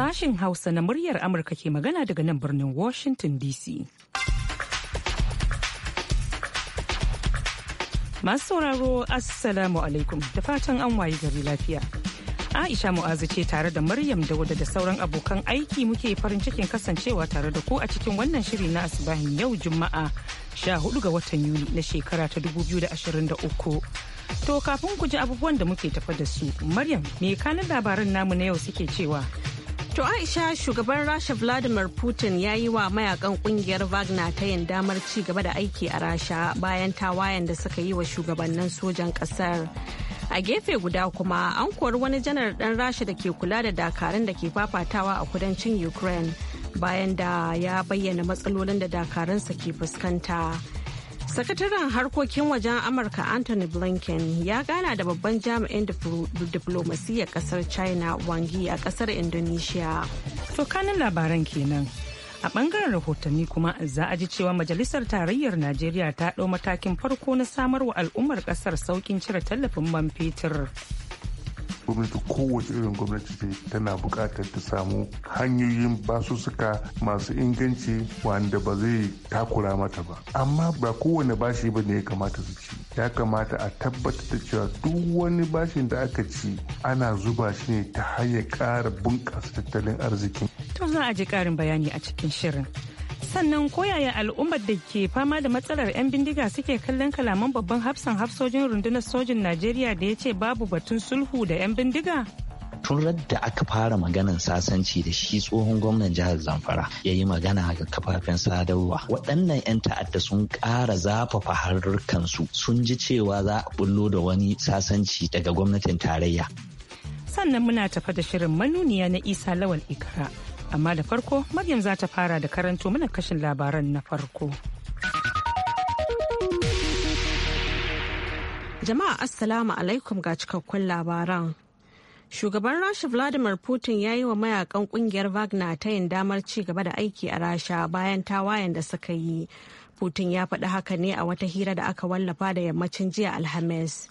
Sashin Hausa na muryar Amurka ke magana daga nan birnin Washington DC. Masu sauraro Assalamu alaikum da fatan an waye gari lafiya. Aisha Mu'azu ce tare da Maryam Dauda da sauran abokan aiki muke farin cikin kasancewa tare da ku a cikin wannan shiri na asibahin yau Juma'a 14 ga watan Yuni na shekara ta 2023. To kafin ku ji abubuwan da muke tafa da su, Maryam me kanin labaran namu na yau suke cewa To Aisha shugaban Rasha Vladimir Putin ya yi wa mayakan kungiyar Wagner ta yin damar ci gaba da aiki a Rasha bayan tawayen da suka yi wa shugabannin sojan kasar. A gefe guda kuma an kori wani janar ɗan Rasha da ke kula da dakarun da ke fafatawa a kudancin Ukraine bayan da ya bayyana matsalolin da dakarunsa ke fuskanta. sakataren harkokin wajen amurka anthony blinken ya gana da babban jami'in diflomasiyyar kasar china Yi a kasar indonesia to kanin labaran kenan a bangaren rahotanni kuma za a ji cewa majalisar tarayyar najeriya ta ɗau matakin farko na samarwa al'ummar ƙasar sauƙin cire tallafin man fetur. gwamnati kowace irin gwamnati ce tana buƙatar ta samu hanyoyin basussuka masu inganci wanda ba zai takura mata ba amma ba kowane bashi ba ne ya kamata su ci ya kamata a tabbatar da cewa duk wani bashin da aka ci ana zuba shi ne ta hanyar ƙara bunƙasa tattalin arzikin to za a ji ƙarin bayani a cikin shirin sannan koyaya al'ummar da ke fama da matsalar 'yan bindiga suke kallon kalaman babban hafsan hafsojin rundunar sojin najeriya da ya ce babu batun sulhu da 'yan bindiga tun da aka fara maganan sasanci da shi tsohon gwamnan jihar zamfara ya yi magana ga kafafen sadarwa waɗannan 'yan ta'adda sun ƙara zafafa harkansu sun ji cewa za a bullo da wani sasanci daga gwamnatin tarayya sannan muna tafa da shirin manuniya na isa lawal ikra Amma da farko Maryam za ta fara da karanto mana kashin labaran na farko. Jama'a Assalamu alaikum ga cikakkun labaran. Shugaban Rasha Vladimir Putin ya yi wa mayakan kungiyar Wagner ta yin damar ci gaba da aiki a Rasha bayan tawayen da suka yi. Putin ya faɗi haka ne a wata hira da aka wallafa da yammacin jiya Alhamis.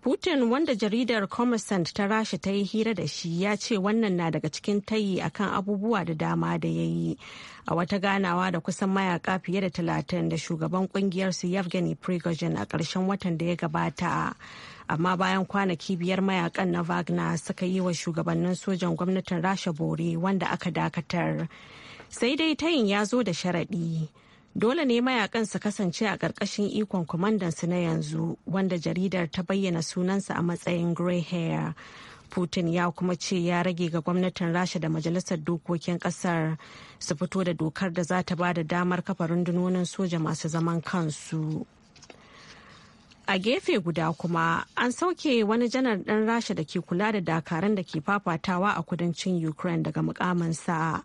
Putin wanda jaridar Commercant ta rasha ta yi hira da shi ya ce wannan na daga cikin tayi akan abubuwa da dama da ya yi. A wata ganawa da kusan mayaka fiye da talatin da shugaban kungiyar su Yevgeny Prigozhin a ƙarshen watan da ya gabata. Amma bayan kwanaki biyar mayakan na Wagner suka yi wa shugabannin sojan gwamnatin rasha bore wanda aka dakatar. Sai dai tayin ya zo da sharaɗi. dole ne mayakan su kasance a ƙarƙashin ikon kwamandansu na yanzu wanda jaridar ta bayyana sunansa a matsayin gray hair putin ya kuma ce ya rage ga gwamnatin rasha da majalisar dokokin kasar su fito da dokar da za ta ba da damar kafa rundunonin soja masu zaman kansu a gefe guda kuma an sauke wani janar ɗan rasha da ke kula da dakarun da ke fafatawa a kudancin ukraine daga mukaminsa. sa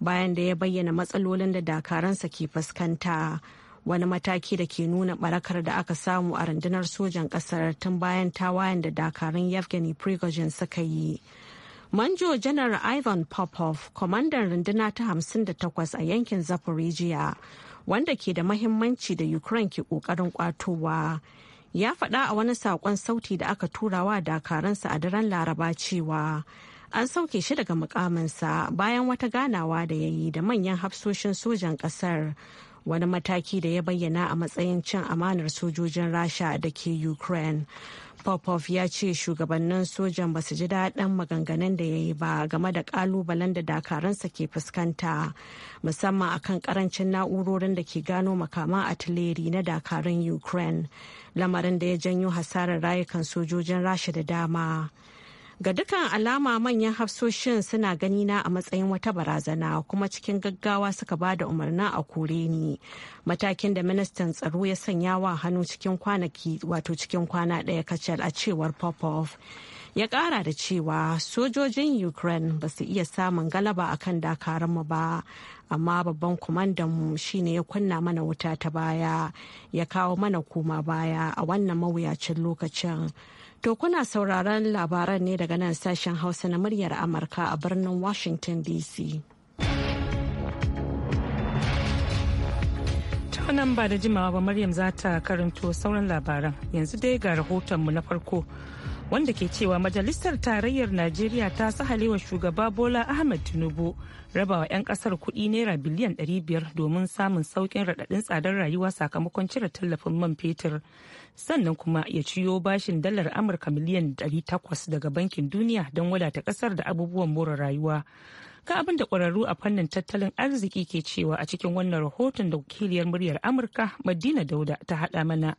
bayan da ya bayyana matsalolin da dakaransa ke fuskanta wani mataki da ke nuna barakar da aka samu a rundunar sojan kasar tun bayan tawayen da dakarun yevgeny prigozhin suka yi manjo janar ivan popov kwamandan runduna ta 58 a yankin zaporijiya wanda ke da mahimmanci da ukraine ke kokarin kwatowa ya faɗa a wani saƙon sauti da aka turawa dakaransa a daren laraba cewa an sauke shi daga mukaminsa bayan wata ganawa da ya yi da manyan hafsoshin sojan kasar wani mataki da ya bayyana a matsayin cin amanar sojojin rasha da ke ukraine popov ya ce shugabannin sojan ba su ji daɗin maganganun da ya yi ba game da ƙalubalen da dakaransa ke fuskanta musamman akan karancin na'urorin da ke gano makaman atileri na dakarun ukraine lamarin da ya janyo hasarar rayukan sojojin rasha da dama Ga dukkan alama manyan hafsoshin suna ganina a matsayin wata barazana kuma cikin gaggawa suka ba da umarnin a kore ni. Matakin da ministan tsaro ya sanya wa hannu cikin kwanaki wato cikin kwana ɗaya kacal a cewar Popov. Ya ƙara da cewa sojojin Ukraine ba su iya samun galaba a akan dakaranmu ba, amma babban mu shine ya kunna mana wuta ta baya, ya kawo mana koma baya a wannan mawuyacin lokacin. To kuna sauraron labaran ne daga nan sashen Hausa na muryar Amurka a birnin Washington DC. nan ba da jimawa ba Maryam za ta karanto sauran labaran yanzu dai ga rahotonmu na farko wanda ke cewa majalisar tarayyar najeriya ta wa shugaba bola ahmed tinubu rabawa 'yan kasar kuɗi naira biliyan 500 domin samun sauƙin raɗaɗin tsadar rayuwa sakamakon cire tallafin man fetur sannan kuma ya ciyo bashin dalar amurka miliyan 800 daga bankin duniya don wadata kasar da abubuwan more rayuwa ga abin da ƙwararru a fannin tattalin arziki ke cewa a cikin wannan rahoton da wakiliyar muryar amurka madina dauda ta haɗa mana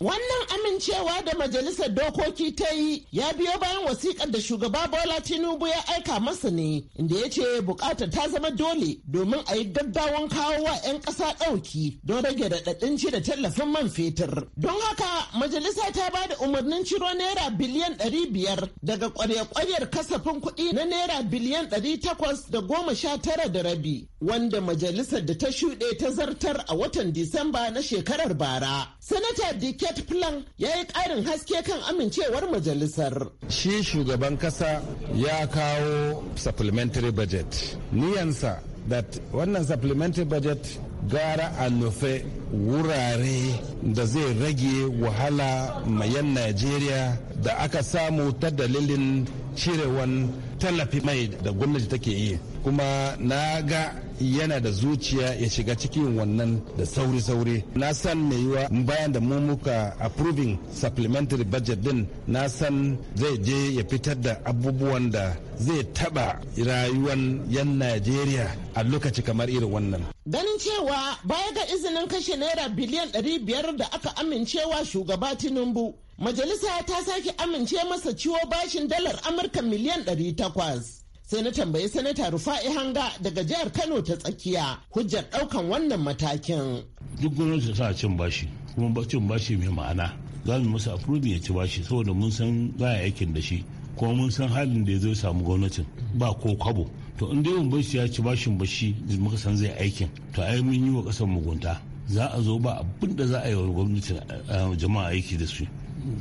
Wannan amincewa da majalisar dokoki ta yi ya biyo bayan wasikar da shugaba Bola Tinubu ya aika masa ne inda ya ce bukatar ta zama dole domin a yi gaggawan kawo wa 'yan ƙasa ɗauki don rage raɗaɗin da tallafin man fetur. Don haka majalisa ta ba da umarnin ciro naira biliyan ɗari biyar daga ƙwarya-ƙwaryar kasafin kuɗi na naira biliyan ɗari takwas da goma sha tara da rabi wanda majalisar da ta shuɗe ta zartar a watan Disamba na shekarar bara. Sanata Dike state plan ya yi ƙarin haske kan amincewar majalisar. Shi shugaban kasa ya kawo supplementary budget. Niyansa that wannan supplementary budget gara a nufe wurare da zai rage wahala mayan Najeriya da aka samu ta dalilin cirewan tallafi mai da gwamnati take yi. kuma na ga yana da zuciya ya shiga cikin wannan da sauri-sauri na san mai yiwa bayan da mu muka approving supplementary budget din na san zai je ya fitar da abubuwan da zai taba rayuwan yan najeriya a lokaci kamar irin wannan ganin cewa baya ga izinin kashe naira biliyan 500 da aka amincewa shugaba tinubu majalisa ta sake amince masa ciwo bashin dalar amurka miliyan 800 sai na tambayi sanata rufa'i hanga daga jihar kano ta tsakiya hujjar daukan wannan matakin duk gwamnati sa cin bashi kuma cin bashi mai ma'ana za mu masa approving ya ci bashi saboda mun san za aikin da shi kuma mun san halin da ya zo samu gwamnatin ba ko kwabo to in dai bashi ya ci bashin bashi muka san zai aikin to ai mun yi wa kasan mugunta za a zo ba abin da za a yi wa gwamnatin eh, jama'a aiki da su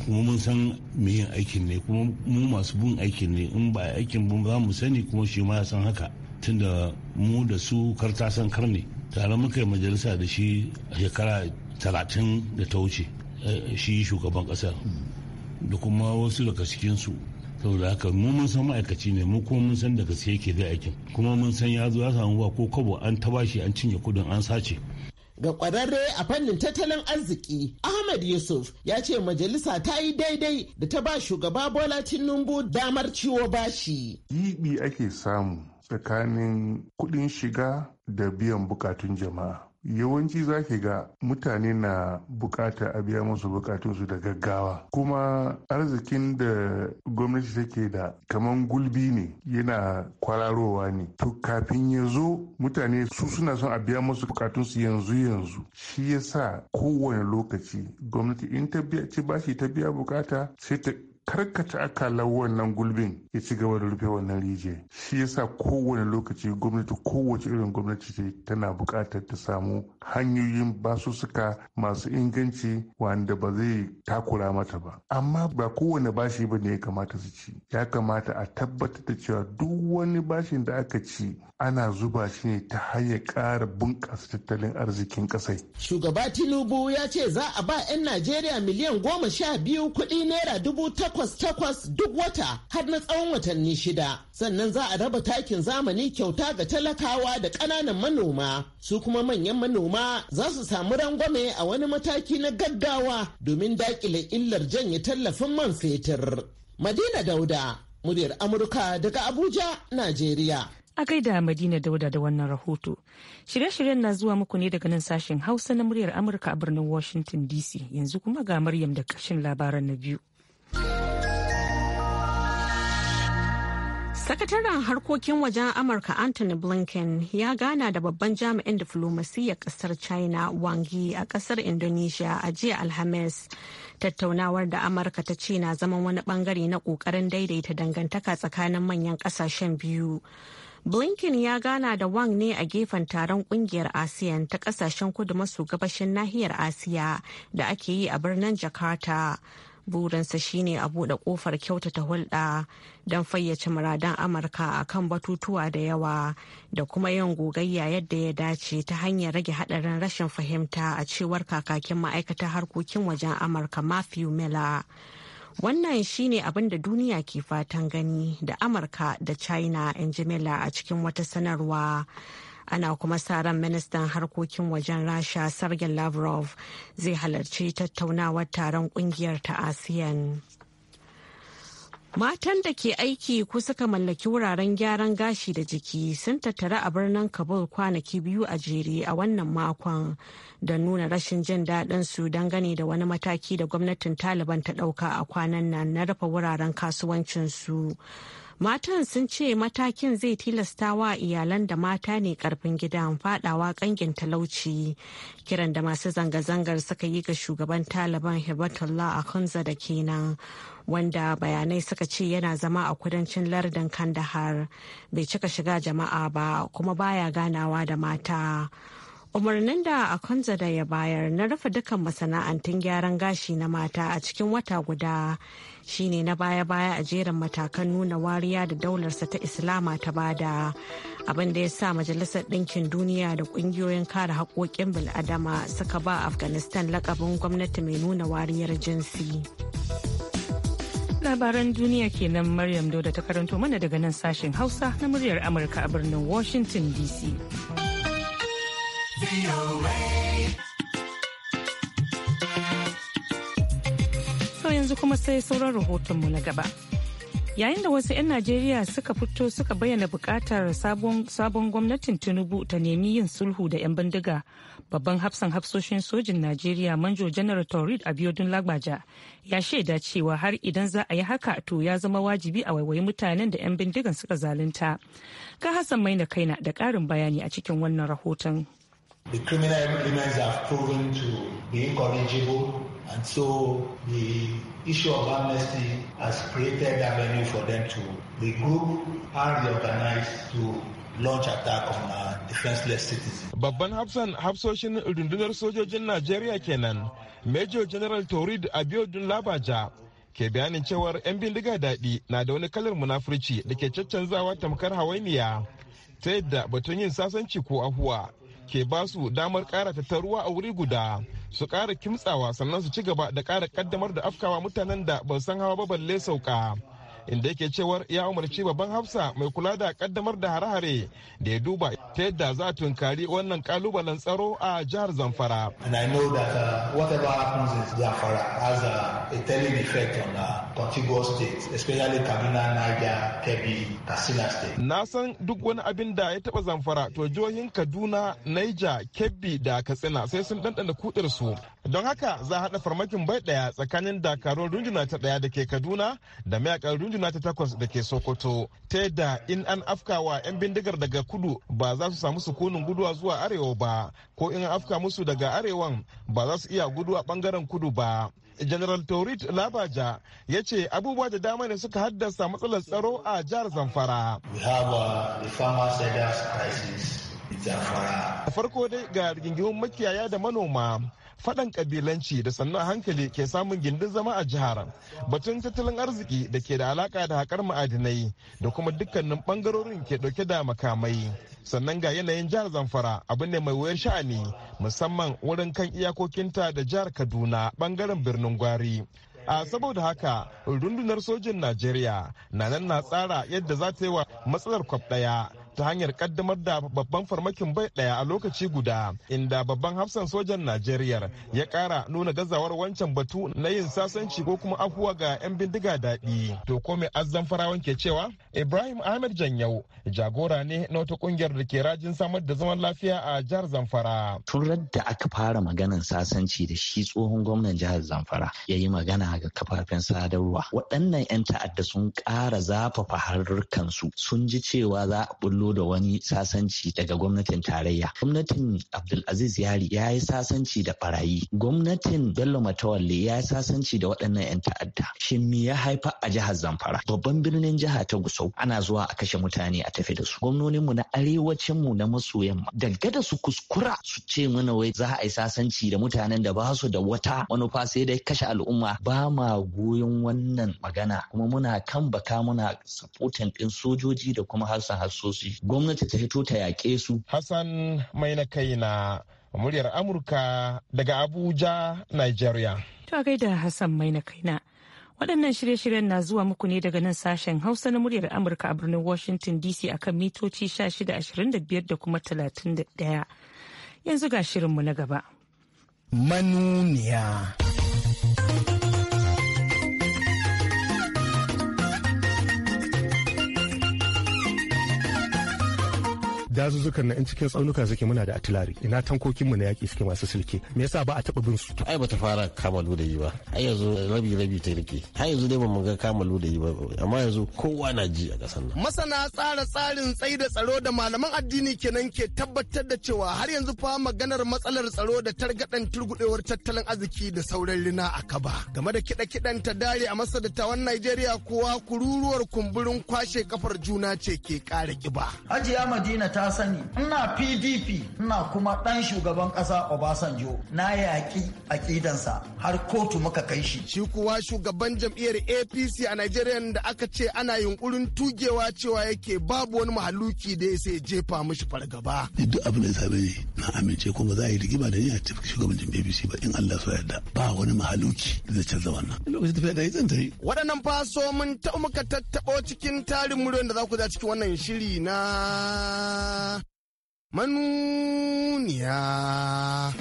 kuma mun san yin aikin ne kuma mu masu bin aikin ne in ba aikin bin za mu sani kuma shi ma ya san haka tunda mu da su karta san kar ne tare muka yi majalisa da shi a shekara talatin da ta wuce eh, shi shugaban kasar da kuma wasu daga cikinsu saboda haka mu mun san ma'aikaci ne mu kuma mun san daga gaske yake da aikin kuma mun san ya zo ya samu ba ko kabo an taba shi an cinye kudin an sace Ga kwararre a fannin tattalin arziki, Ahmad Yusuf ya ce majalisa ta yi daidai da ta ba shugaba Bola Tinubu damar ciwo bashi. yibi ake samu tsakanin kuɗin shiga da biyan bukatun jama'a. yawanci za ki ga mutane na bukata a biya musu bukatunsu da gaggawa kuma arzikin da gwamnati take da kamar gulbi ne yana kwararowa ne to kafin ya zo mutane su suna son a biya musu bukatunsu yanzu yanzu shi ya yasa kowane lokaci gwamnati in ta biya ba shi ta biya bukata sai ta karkata akalar wannan gulbin ya ci gaba da rufe wannan rijiya shi yasa kowane lokaci gwamnati kowace irin gwamnati ce tana buƙatar ta samu hanyoyin basussuka masu inganci wanda ba zai takura mata ba amma ba kowane bashi ba ne ya kamata su ci ya kamata a tabbatar da cewa duk wani bashin da aka ci ana zuba shi ne ta hanyar ƙara bunƙasa tattalin arzikin ƙasai shugaba tinubu ya ce za a ba 'yan najeriya miliyan goma sha biyu kuɗi naira dubu takwas takwas takwas duk wata har na tsawon watanni shida sannan za a raba takin zamani kyauta ga talakawa da ƙananan manoma su kuma manyan manoma za su samu rangwame a wani mataki na gaggawa domin dakile illar janye tallafin man fetur madina dauda muryar amurka daga abuja najeriya a gaida madina dauda da wannan rahoto shirye-shiryen na zuwa muku ne daga nan sashen hausa na muryar amurka a birnin washington dc yanzu kuma ga maryam da kashin labaran na biyu Sakataren harkokin wajen Amurka Anthony Blinken ya gana da babban jami'in diflomasiyyar kasar China Wang Yi a kasar Indonesia a jiya Alhamis. Tattaunawar da Amurka ta ce na zaman wani bangare na kokarin daidaita dangantaka tsakanin manyan kasashen biyu. Blinken ya gana da Wang ne a gefen taron kungiyar ASEAN ta kasashen kudu maso gabashin nahiyar Asiya da ake yi a birnin Jakarta. burinsa shine a buɗe ƙofar kyautata hulɗa don fayyace muradan amurka a kan batutuwa da yawa da kuma yin gogayya yadda ya dace ta hanyar rage haɗarin rashin fahimta a cewar kakakin ma'aikatar harkokin wajen amurka matthew miller wannan shine abin da duniya ke fatan gani da amurka da china in ji a cikin wata sanarwa ana kuma sa ran ministan harkokin wajen rasha sergei lavrov zai halarci tattaunawar taron kungiyar ta asiyan Matan da ke aiki ko suka mallaki wuraren gyaran gashi da jiki sun tattara a birnin Kabul kwanaki biyu a jere a wannan makon da nuna rashin jin daɗin su dangane da wani mataki da gwamnatin Taliban ta ɗauka a kwanan nan na rufe wuraren kasuwancinsu. su. Matan sun ce matakin zai tilasta wa iyalan da mata ne karfin gidan fadawa kangin talauci. Kiran da masu zanga-zangar suka yi ga shugaban Taliban Hibatullah kunza da kenan. Wanda bayanai suka ce yana zama a kudancin lardin Kandahar bai cika shiga jama'a ba kuma baya ganawa da mata. umarnin da kunza da ya bayar na rufe dukkan masana'antun gyaran gashi na mata a cikin wata guda shine na baya-baya a jerin matakan nuna wariya da daularsa ta islama ta bada abin da ya sa majalisar ɗinkin duniya da ƙungiyoyin kare haƙoƙin bil'adama suka ba afghanistan lakabin gwamnati mai nuna wariyar jinsi labaran duniya kenan maryam Dauda ta karanto mana daga nan sashen hausa na muryar amurka a birnin washington dc yanzu kuma sai sauran rahotonmu na gaba. Yayin da wasu 'yan Najeriya suka fito suka bayyana bukatar sabon gwamnatin Tinubu ta nemi yin sulhu da 'yan bindiga, babban hafsan hafsoshin sojin Najeriya Manjo Janar Taurid Abiodun Lagbaja ya shaida cewa har idan za a yi haka to ya zama wajibi a waiwayi mutanen da 'yan bindigan suka zalunta. Ga Hassan mai Maina Kaina da ƙarin bayani a cikin wannan rahoton. The criminal elements have proven to be incorrigible, and so the issue of amnesty has created avenue for them to regroup and reorganize to launch attack on a defenseless citizen. Babban hafsan hafsoshin rundunar sojojin Najeriya kenan, Major General Taurid Abiodun Labaja ke bayanin cewar 'yan bindiga daɗi na da wani kalar munafurci da ke caccanzawa tamkar hawainiya ta yadda batun yin sasanci ko ahuwa ke ba su damar ƙara tattaruwa a wuri guda su kara kimtsawa sannan su ci gaba da kara kaddamar da afkawa mutanen da ba san hawa ba balle sauka inda yake cewar ya umarci babban hafsa mai kula da kaddamar da hare-hare da ya duba ta yadda za a tunkari wannan kalubalen tsaro a jihar zamfara. And I know that uh, whatever happens in Zamfara has a, uh, a telling effect on uh, contiguous states, especially Kaduna, Niger, Kebbi, Katsina state. Na san duk wani abin da ya taba zamfara to jihohin Kaduna, Niger, Kebbi da Katsina sai sun ɗanɗana kudir su. Don haka za haɗa farmakin bai ɗaya tsakanin dakarun runduna ta ɗaya da ke Kaduna da mayakan runduna ta takwas da ke Sokoto. Ta yadda in an afkawa 'yan bindigar daga kudu ba za su samu sukunin guduwa zuwa arewa ba ko in an afka musu daga arewan ba za su iya guduwa bangaren kudu ba. General torit Labaja ya ce abubuwa da dama ne suka haddasa matsalar tsaro a jihar Zamfara. We uh, Da farko dai ga rigingimun makiyaya da manoma faɗan kabilanci da sannan hankali ke samun gindin zama a jihar batun tattalin arziki da ke da alaka da haƙar ma'adinai da kuma dukkanin ɓangarorin ke ɗauke da makamai sannan ga yanayin jihar zamfara abu ne mai wuyar sha'ani musamman wurin kan iyakokinta da jihar kaduna ɓangaren birnin gwari a saboda haka rundunar sojin najeriya na nan na tsara yadda za ta yi wa matsalar kwab ɗaya ta hanyar kaddamar da babban farmakin bai daya a lokaci guda inda babban hafsan sojan najeriya ya kara nuna gazawar wancan batu na yin sasanci ko kuma afuwa ga 'yan bindiga daɗi to ko mai azzan farawan ke cewa ibrahim ahmed janyau jagora ne na wata kungiyar da ke rajin samar da zaman lafiya a jihar zamfara tun da aka fara maganan sasanci da shi tsohon gwamnan jihar zamfara ya yi magana ga kafafen sadarwa waɗannan 'yan ta'adda sun ƙara zafafa harkansu sun ji cewa za a bullo bullo da wani sasanci daga gwamnatin tarayya gwamnatin abdulaziz yari ya yi sasanci da barayi gwamnatin bello matawalle ya yi sasanci da waɗannan 'yan ta'adda shin me ya haifa a jihar zamfara babban birnin jiha ta gusau ana zuwa a kashe mutane a tafi da su gwamnoninmu na arewacin mu na maso yamma daga da su kuskura su ce mana wai za a yi sasanci da mutanen da ba su da wata manufa sai dai kashe al'umma ba ma goyon wannan magana kuma muna kan baka muna supporting din sojoji da kuma harsun harsoshi gwamnati ta fito ta yaƙe su. Hassan mai na kai na muryar Amurka daga Abuja, Nigeria. To gaida Hassan mai na kai na. Waɗannan shirye-shiryen na zuwa muku ne daga nan sashen Hausa na muryar Amurka a birnin Washington DC a kan mitoci 1625 da kuma 31. Yanzu ga shirinmu na gaba. Manuniya. dazuzzukan na in cikin tsaunuka suke muna da atilari ina tankokin mu na yaki suke masu silke me yasa ba a taba bin su to ai bata fara kamalu da yi ba ai yanzu rabi rabi ta rike ai yanzu dai mun ga da yi ba amma yanzu kowa na ji a kasan nan masana tsara tsarin tsayi da tsaro da malaman addini kenan ke tabbatar da cewa har yanzu fa maganar matsalar tsaro da targaɗan turgudewar tattalin arziki da sauran rina a kaba game da kiɗa kiɗen ta dare a masa da tawan Najeriya kowa kururuwar kumburin kwashe kafar juna ce ke ƙara ƙiba. ajiya Madina ta ta sani ina pdp ina kuma dan shugaban kasa obasanjo na yaƙi aƙidansa har kotu muka kai shi shi kuwa shugaban jam'iyyar apc a nigeria da aka ce ana yunkurin tugewa cewa yake babu wani mahaluki da ya sai jefa mishi fargaba duk abin da ya same na amince kuma za a yi rigima da ni a cikin shugaban jam'iyyar apc ba in allah so yarda ba wani mahaluki da zai canza wannan lokacin tafiya da yi zan ta yi waɗannan faso mun taɓa muka tattaɓo cikin tarin muryoyin da za ku za cikin wannan shiri na manuniya.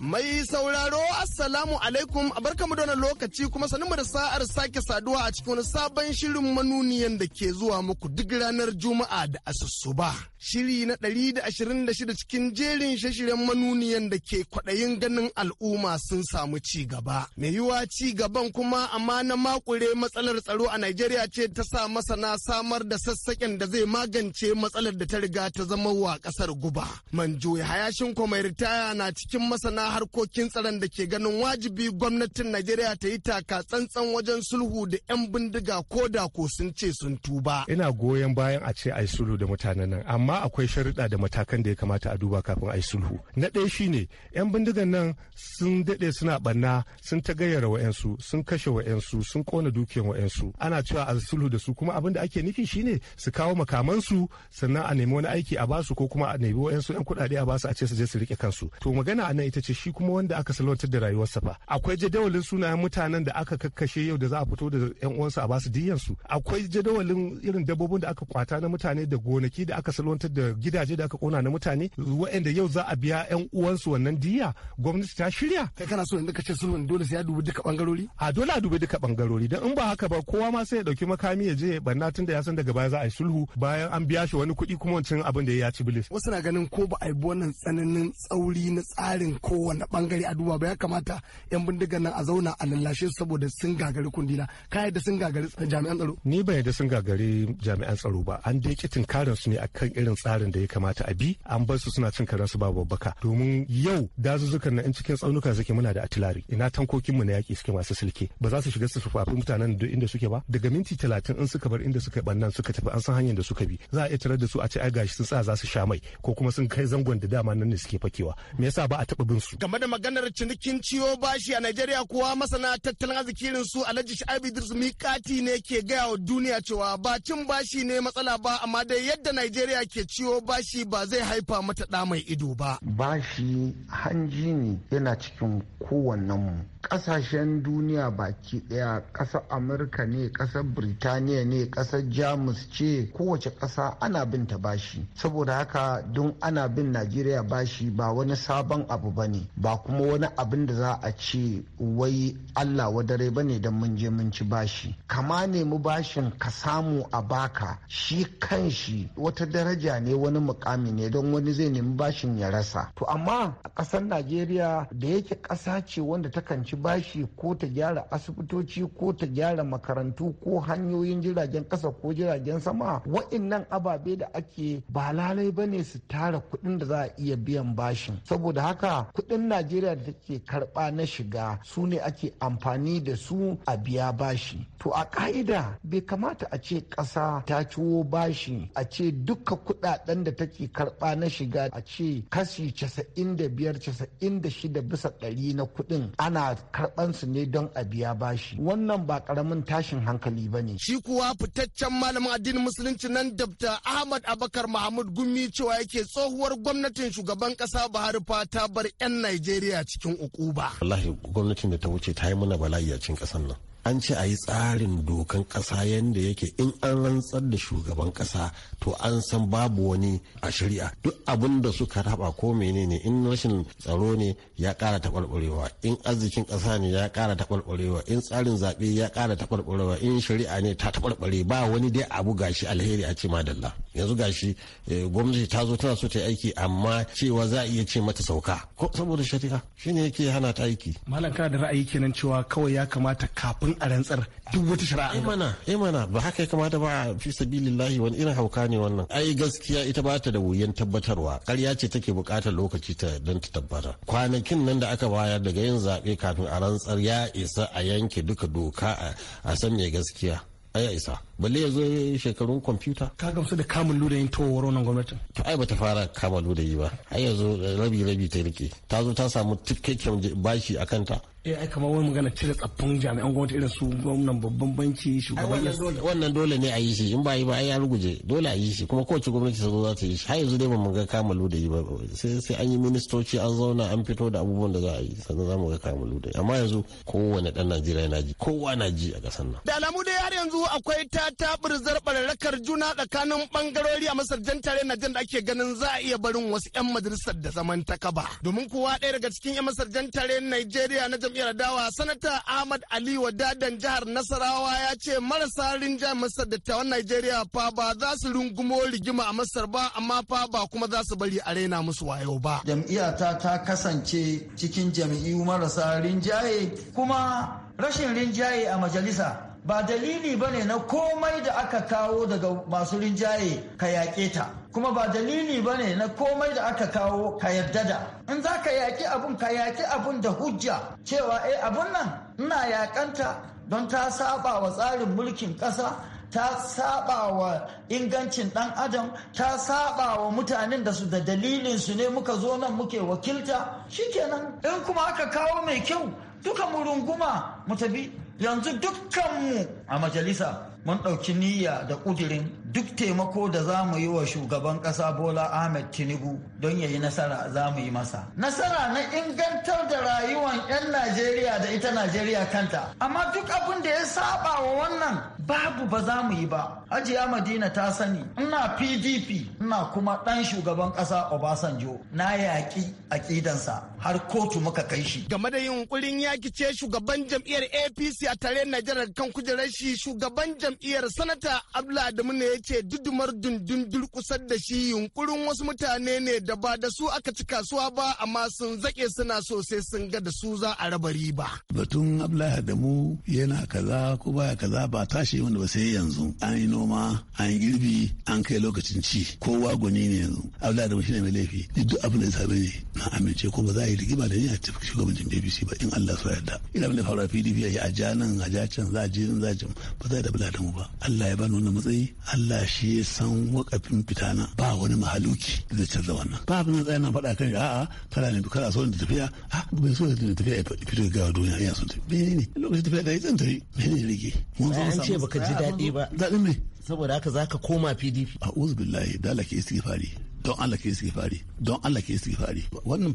Mai sauraro Assalamu alaikum barkamu mu wannan lokaci kuma sanin da sa'ar sake saduwa a cikin wani sabon shirin manuniyan da ke zuwa muku duk ranar Juma'a da asusuba. shiri na ɗari da shida cikin jerin shashiren manuniyan da ke kwaɗayin ganin al'umma sun samu ci gaba. Mai yiwa ci gaban kuma amma na makure matsalar tsaro a Najeriya ce ta sa masana samar da sassaƙen da zai magance matsalar da ta riga ta zama wa ƙasar guba. Manjo Hayashin mai ritaya na cikin masana harkokin tsaron da ke ganin wajibi gwamnatin Najeriya ta yi taka tsantsan wajen sulhu da 'yan bindiga ko da ko sun ce sun tuba. Ina goyon bayan a ce a yi sulhu da mutanen nan amma amma akwai sharuɗa da matakan da ya kamata a duba kafin a yi sulhu na ɗaya shine 'yan bindigan nan sun daɗe suna ɓanna sun ta gayyara wa'yansu sun kashe wa'yansu sun ƙona dukiyan wa'yansu ana cewa a sulhu da su kuma abin da ake nufi shine su kawo makamansu sannan a nemi wani aiki a basu ko kuma a nemi wa'yansu 'yan kuɗaɗe a basu a ce su je su riƙe kansu to magana a nan ita ce shi kuma wanda aka salwantar da rayuwarsa fa akwai jadawalin sunayen mutanen da aka kakkashe yau da za a fito da 'yan uwansu a basu diyansu akwai jadawalin irin dabbobin da aka kwata na mutane da gonaki da aka salwantar salwantar da gidaje da aka kona na mutane waɗanda yau za a biya 'yan uwansu wannan diya gwamnati ta shirya kai kana so yanzu ka ce sulhun dole sai ya dubi duka bangarori a dole a dubi duka bangarori dan in ba haka ba kowa ma sai ya dauki makami ya je banna tun da ya san daga baya za a yi sulhu bayan an biya shi wani kuɗi kuma wancan abin da ya ci bilis wasu na ganin ko ba a yi wannan tsananin tsauri na tsarin kowane bangare a duba ba ya kamata 'yan bindigan nan a zauna a lallashe su saboda sun gagari na ka yadda sun gagari jami'an tsaro ni ban yadda sun gagari jami'an tsaro ba an dai kitin karin su ne akan irin irin tsarin da ya kamata a bi an bar su suna cin su ba babbaka domin yau dazuzzukan na in cikin tsaunuka suke muna da atilari ina tankokin mu na yaki suke masu silke ba za su shiga su fafi mutanen da inda suke ba daga minti talatin in suka bar inda suka bannan suka tafi an san hanyar da suka bi za a iya tarar da su a ce ai gashi sun tsaya za su sha mai ko kuma sun kai zangon da dama nan ne suke fakewa me yasa ba a taba bin su game da maganar cinikin ciwo bashi a Najeriya kuwa masana tattalin arzikin su Alhaji Shaibu Idris Mikati ne ke gaya wa duniya cewa ba cin bashi ne matsala ba amma dai yadda Najeriya ke take ciwo bashi ba zai haifa mata ɗa mai ido ba. Bashi hanji ne yana cikin mu. Ƙasashen duniya baki ɗaya ƙasar Amurka ne, ƙasar Birtaniya ne, ƙasar Jamus ce kowace ƙasa ana bin ta bashi. Saboda haka don ana bin Najeriya bashi ba wani sabon abu ba ne, ba kuma wani abin da za a ce wai Allah wadare ba ne don mun je mun ci bashi. Kama nemi bashin ka samu a baka shi kanshi wata daraja daraja ne wani mukami ne don wani zai nemi bashin ya rasa to amma a ƙasar najeriya da yake ƙasa ce wanda takan ci bashi ko ta gyara asibitoci ko ta gyara makarantu ko hanyoyin jiragen ƙasa ko jiragen sama wa'innan ababe da ake ba lalai ba ne su tara kuɗin da za a iya biyan bashin saboda haka kuɗin najeriya da take karɓa na shiga su ne ake amfani da su a biya bashi to a ƙa'ida bai kamata a ce ƙasa ta ciwo bashi a ce duka kuɗin kudaden da take karba na shiga a ce kashi 95-96 bisa ɗari na kudin ana karban su ne don a biya bashi wannan ba karamin tashin hankali ba ne shi kuwa fitaccen malamin addinin musulunci nan dabta ahmad abakar mahmud gummi cewa yake tsohuwar gwamnatin shugaban kasa buhari ta bar 'yan najeriya cikin ukuba wallahi gwamnatin da ta wuce ta yi mana bala'i a cikin kasan nan an ce a yi tsarin dokan ƙasa yadda yake in an rantsar da shugaban ƙasa to an san babu wani a shari'a duk abin da suka raba ko menene in rashin tsaro ne ya ƙara taɓarɓarewa in arzikin ƙasa ne ya ƙara taɓarɓarewa in tsarin zaɓe ya ƙara taɓarɓarewa in shari'a ne ta taɓarɓare ba wani dai abu gashi alheri a ce dalla. yanzu gashi eh, gwamnati ta zo tana so ta aiki amma cewa za a iya ce mata sauka ko saboda shari'a shine yake hana ta aiki malam kana da ra'ayi kenan cewa kawai ya kamata kafin kafin a rantsar duk wata shari'a imana eh, imana eh, ba haka ya kamata ba a fi sabilillahi wani irin hauka ne wannan ai gaskiya ita ba ta da wuyan tabbatarwa ƙarya ce take buƙatar lokaci ta don ta tabbata kwanakin nan da aka bayar daga yin zaɓe kafin a rantsar ya isa a yanke duka doka a san mai gaskiya ya isa balle ya zo shekarun kwamfuta ka gamsu da kamun ludayin waro nan gwamnatin to ai bata fara kama yi ba ai zo rabi rabi ta rike ta zo ta samu tikakken bashi a kanta eh ai kamar wani magana cire tsaffin jami'an gwamnati irin su gwamnan babban banki shugaban wannan dole ne a yi shi in ba yi ba ai ya ruguje dole a yi shi kuma kowace gwamnati zo za ta yi shi har yanzu dai ba mu ga kamalu da yi ba sai sai an yi ministoci an zauna an fito da abubuwan da za a yi sannan za mu ga kamalu da amma yanzu kowane dan Najeriya yana ji kowa na ji a kasan nan da alamu dai har yanzu akwai ta tabur zarbar rakar juna tsakanin bangarori a masar jan tare na jan da ake ganin za a iya barin wasu yan majalisar da zaman ta takaba domin kowa daya daga cikin yan masar jan tare Najeriya na jam'iyyar dawa sanata ahmad ali wadadan jihar nasarawa ya ce marasa rinjayen masar dattawan najeriya fa ba za su rungumo rigima a masar ba amma fa ba kuma za su bari a raina musu wayo ba jam'iyyata ta kasance cikin jam'iyyu marasa rinjaye kuma rashin rinjaye a majalisa ba dalili ba na komai da aka kawo daga masu rinjaye ka yaƙe ta kuma ba dalili ba ne na komai da aka kawo ka yarda da in za ka yaƙi abun ka yaƙi abun da hujja cewa eh abun nan ina yaƙanta don ta saba wa tsarin mulkin ƙasa ta saba wa ingancin ɗan adam ta saba wa mutanen da su da dalilin su ne muka zo nan muke wakilta shi shikenan in kuma aka kawo mai kyau duka mu runguma mu tafi yanzu dukkanmu a majalisa mun ɗauki niyya da ƙudirin duk taimako da za mu yi wa shugaban ƙasa bola ahmed tinubu don ya yi nasara za mu yi masa nasara na ingantar da rayuwan 'yan najeriya da ita najeriya kanta amma duk abin da ya saba wa wannan babu ba za mu yi ba hajiya madina ta sani ina pdp ina kuma ɗan shugaban ƙasa obasanjo na yaki yaƙi aƙidansa har kotu muka kai shi game da yunkurin ce shugaban jam'iyyar apc a tare jihar kan kujerar shi shugaban jam'iyyar sanata adamu ne ya ce dudumar dundun durkusar da shi yunkurin wasu mutane ne da ba da su aka ci kasuwa ba amma sun zaƙe suna so sai sun ga da su za a raba riba batun adamu yana kaza ko baya kaza ba tashi wanda ba sai yanzu an noma an girbi an kai lokacin ci kowa gwani ne yanzu abdullahi adamu shine mai laifi duk abin da ya same ne na amince ko ba za a yi rigima da ni a tafi shugabancin bbc ba in allah su yarda ina abin da faruwa pdp a ja nan a ja can za a je za a je ba za a da bala mu ba allah ya bani wannan matsayi allah shi ya san wakafin fitana ba wani mahaluki da canza wannan ba abin da tsaya na faɗa kan a'a kana ne a so da tafiya a bai so da tafiya ya fito ga duniya ina son tafiya ne lokacin tafiya da yi tsantari mai ne rage mun zo an ce baka ji daɗi ba daɗin ne saboda haka zaka koma pdp a uzbillahi da Allah ke istighfari don Allah ke istighfari don Allah ke istighfari wannan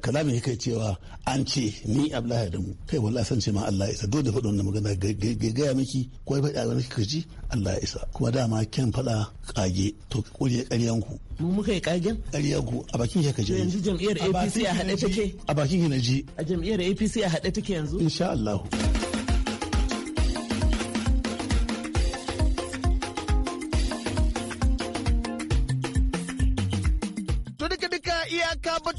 kalamin yake cewa an ce ni Abdullahi da mu kai wallahi san ce ma Allah ya isa dole faɗa wannan magana ya miki ko faɗi a wani kaji Allah ya isa kuma dama kyan faɗa kage to kure ƙaryan ku mu muka yi kagen ƙaryan ku a bakin ka je yanzu jam'iyyar APC a haɗe take a bakin yana ji a jam'iyyar APC a haɗe take yanzu insha Allah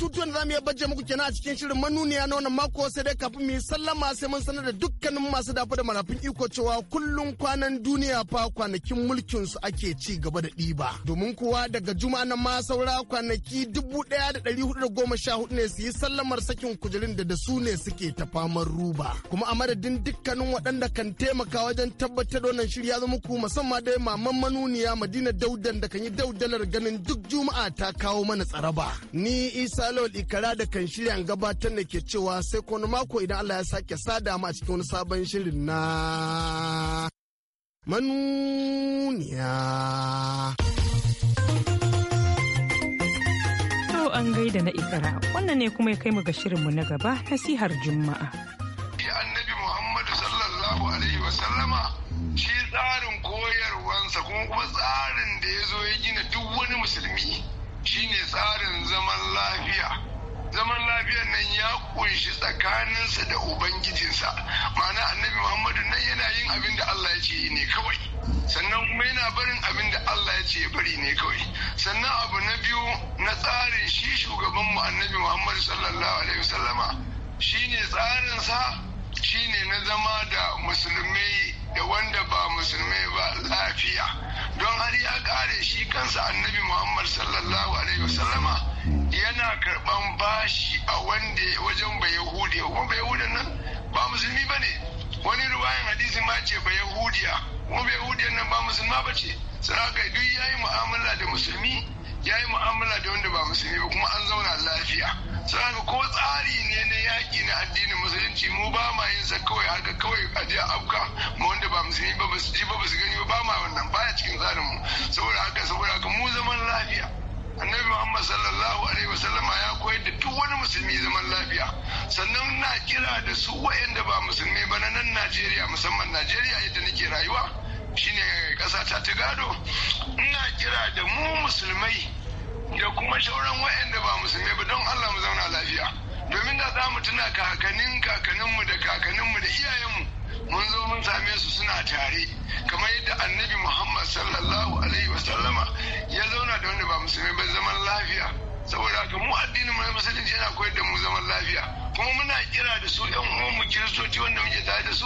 batutuwan da za mu iya bajje muku kenan a cikin shirin manuniya na wannan mako sai dai kafin mu yi sallama sai mun sanar da dukkanin masu dafa da marafin iko cewa kullum kwanan duniya fa kwanakin mulkin su ake ci gaba da ɗiba. Domin kuwa daga juma na ma saura kwanaki dubu ɗaya da ɗari hudu da goma sha hudu ne su yi sallamar sakin kujerun da da su ne suke ta ruba. Kuma a madadin dukkanin waɗanda kan taimaka wajen tabbatar da wannan shirya zama muku musamman dai maman manuniya Madina Daudan da kan yi daudalar ganin duk juma'a ta kawo mana tsaraba. Ni Isa Lawal Ikara da kan shirya gabatar da ke cewa sai kone mako idan Allah ya sake sada mu a cikin wani sabon shirin na manuniya. To an gaida na Ikara wannan ne kuma ya kai mu ga shirinmu na gaba nasihar Juma'a. Annabi Muhammadu sallallahu alaihi wasallama shi tsarin koyarwansa kuma kuma tsarin da ya zo ya gina duk wani musulmi lafiya zaman lafiyar nan ya kunshi tsakaninsa da ubangijinsa ma'ana annabi muhammadu nan yana yin abin da allah ya ce yi ne kawai sannan kuma yana barin abin da allah ya ce ya bari ne kawai sannan abu na biyu na tsarin shi shugaban mu annabi muhammadu sallallahu alaihi wasallama shine tsarinsa shine na zama da musulmai da wanda ba musulmi ba lafiya don har ya kare shi kansa annabi muhammad sallallahu alaihi wasallama yana karban bashi a wanda wajen ba yahudi kuma ba yahudi nan ba musulmi ba ne wani ruwayan hadisi ma ce ba yahudiya kuma ba yahudi nan ba musulma ba ce saraka duk yayi mu'amala da musulmi ya yi mu'amala da wanda ba musulmi ba kuma an zauna lafiya sai ko tsari ne na yaƙi na addinin musulunci mu ba ma yin sa kawai haka kawai a je afka ma wanda ba musulmi ba su ji ba su gani ba ba ma wannan baya cikin tsarin mu saboda haka saboda haka mu zaman lafiya annabi muhammad sallallahu alaihi wasallam ya koyar da duk wani musulmi zaman lafiya sannan na kira da su wa'anda ba musulmi ba na nan najeriya musamman najeriya yadda nake rayuwa shine kasa ta ta gado ina kira da mu musulmai da kuma shauran wa'anda ba musulmai ba don Allah mu zauna lafiya domin da za mu tuna kakanin kakaninmu da kakaninmu da iyayenmu mun zo mun same su suna tare kamar yadda annabi muhammad sallallahu alaihi wasallama ya zauna da wanda ba musulmai ba zaman lafiya saboda haka mu addinin musulunci yana koyar da mu zaman lafiya kuma muna kira da su yan uwanmu kiristoci wanda muke tare da su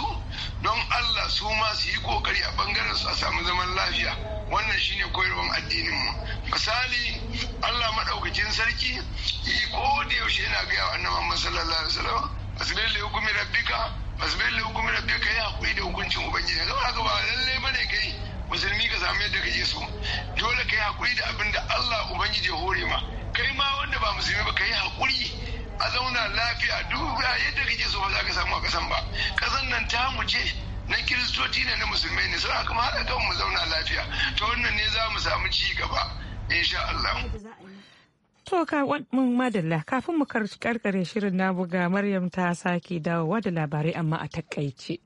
don Allah su ma su yi kokari a bangaren su a samu zaman lafiya wannan shine koyarwar mu misali Allah madaukakin sarki yi ko da yaushe yana ga yawa annabi Muhammad sallallahu alaihi wasallam asbil li hukmi rabbika asbil li hukmi rabbika ya hakuri da hukuncin ubangiji ga ba ba lalle bane kai musulmi ka samu yadda kake so dole kai hakuri da abinda Allah ubangiji ya hore ma kai ma wanda ba musulmi ba kai hakuri a zauna lafiya duk yadda kake so ba za ka samu a kasan ba kasan nan ta mu ce na kiristoci ne na musulmai ne suna kuma haɗa kan mu zauna lafiya ta wannan ne za mu samu ci gaba insha Allah To ka mun madalla kafin mu karkare shirin na buga Maryam ta sake dawowa da labarai amma a takaice.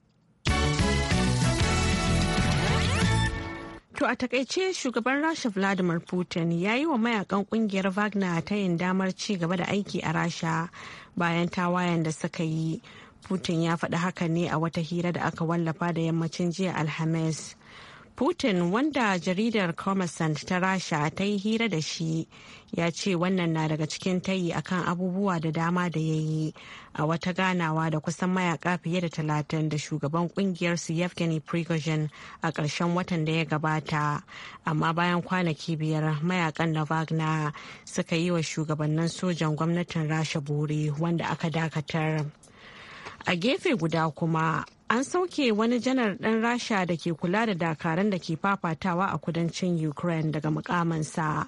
To a takaice shugaban Rasha Vladimir Putin ya yi wa mayakan kungiyar Wagner ta yin damar ci gaba da aiki a Rasha bayan tawayen da suka yi. Putin ya faɗi haka ne a wata hira da aka wallafa da yammacin jiya Alhamis. Putin wanda jaridar Kommersant ta Rasha ta yi hira da shi ya ce wannan na daga cikin tayi akan abubuwa da dama da ya yi a wata ganawa da kusan mayaka fiye da talatin da shugaban kungiyar su Yevgeny Prigozhin a ƙarshen watan da ya gabata. Amma bayan kwanaki biyar mayakan na Wagner suka yi wa shugabannin sojan gwamnatin Rasha bore wanda aka dakatar. a gefe guda kuma an sauke wani janar ɗan rasha da ke kula da dakaran da ke fafatawa a kudancin ukraine daga mukamansa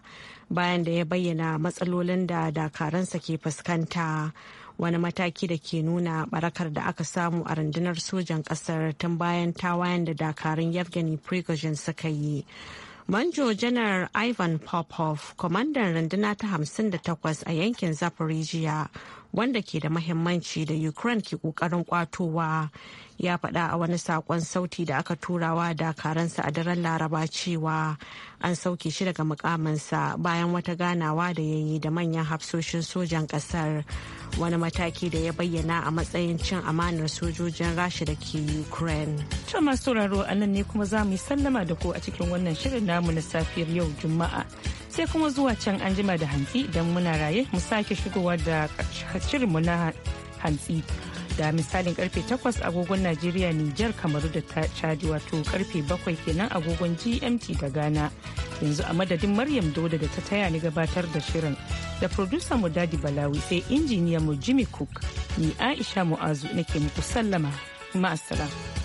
bayan da ya bayyana matsalolin da dakaransa ke fuskanta wani mataki da ke nuna barakar da aka samu a rundunar sojan ƙasar tun bayan tawayen da dakarun yevgeny prigozhin suka yi manjo janar ivan popov kwamandan runduna ta 58 a yankin zaporijiya wanda ke da mahimmanci da ukraine ke kokarin kwatowa ya faɗa a wani saƙon sauti da aka turawa dakaransa a daren laraba cewa an sauke shi daga mukaminsa bayan wata ganawa da ya yi da manyan hafsoshin sojan ƙasar wani mataki da ya bayyana a matsayin cin amanar sojojin rasha da ke ukraine to masu sauraro a nan ne kuma za mu yi sallama da ku a cikin wannan shirin namu na safiyar yau juma'a sai kuma zuwa can an jima da hantsi idan muna raye mu sake shigowa da shirinmu na hantsi da misalin karfe 8 agogon najeriya nijar kamaru da cadi wato karfe 7 kenan agogon gmt da ghana yanzu a madadin maryam dauda da ta taya ni gabatar da shirin da producer mu dadi balawi sai injiniya mu jimmy cook ni aisha mu'azu nake muku sallama ma'asala.